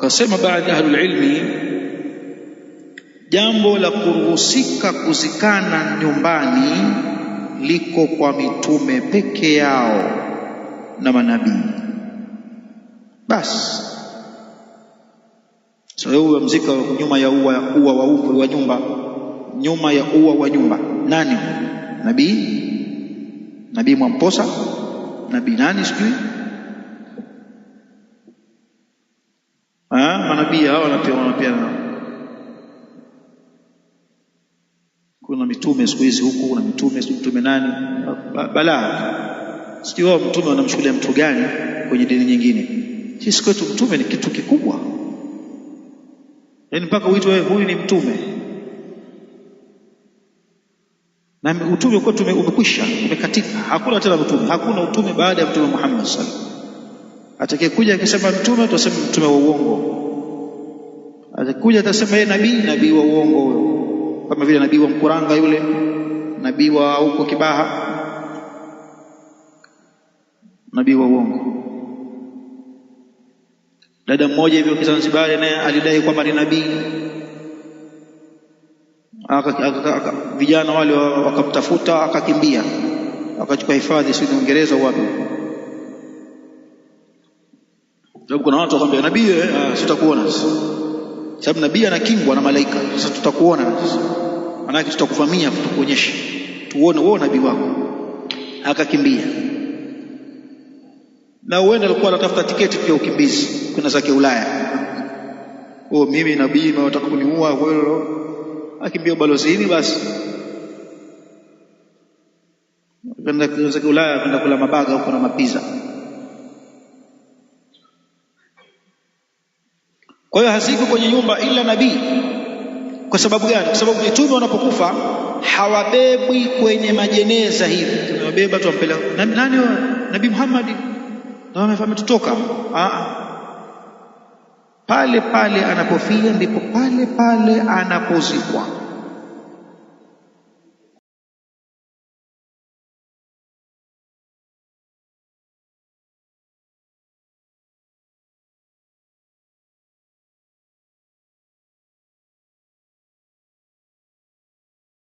Wakasema baadhi ya ahlulilmi, jambo la kuruhusika kuzikana nyumbani liko kwa mitume peke yao na manabii. Basi so leo wamzika nyuma ya ua, ua wa umri wa nyumba, nyuma ya ua wa nyumba. Nani? Nabii, nabii Mwamposa, nabii nani sijui manabii hawa wanapeana. Kuna mitume siku hizi huku, kuna mitume siku mtume nani, bala sio wao mtume wanamshughulia mtu gani kwenye dini nyingine. Sisi kwetu mtume ni kitu kikubwa, yaani mpaka uitwe wewe huyu ni mtume, na utume kwetu umekwisha, umekatika. Hakuna tena mtume, hakuna utume baada ya Mtume Muhammad sallallahu alaihi wasallam. Atakayekuja akisema mtume, tutasema mtume wa uongo kuja atasema yeye nabii, nabii wa uongo huyo, kama vile nabii wa Mkuranga yule, nabii wa huko Kibaha, nabii wa uongo. Dada mmoja hivyo Kizanzibari naye alidai kwamba ni nabii, vijana wale wakamtafuta, akakimbia, akachukua hifadhi si Uingereza wapi sababu kuna watu wakwambia nabii, eh, ah, sitakuona sasa sababu nabii anakingwa na malaika. Sasa tutakuona sasa, maanake tutakuvamia, tukuonyeshe, tuone wewe nabii wako. Akakimbia na uende alikuwa anatafuta tiketi pia ukimbizi kuna zake Ulaya. Oh, mimi nabii nataka kuniua wewe, akimbia balozini basi kwenda zake Ulaya, kwenda kula mabaga huko na mapiza Kwa hiyo haziki kwenye nyumba ila nabii. Kwa sababu gani? Kwa sababu mitume wanapokufa hawabebwi kwenye majeneza hivi, tunawabeba tuwampeleka nani? Nani Nabii Muhammad na ah, ah. pale pale anapofia ndipo pale pale anapozikwa.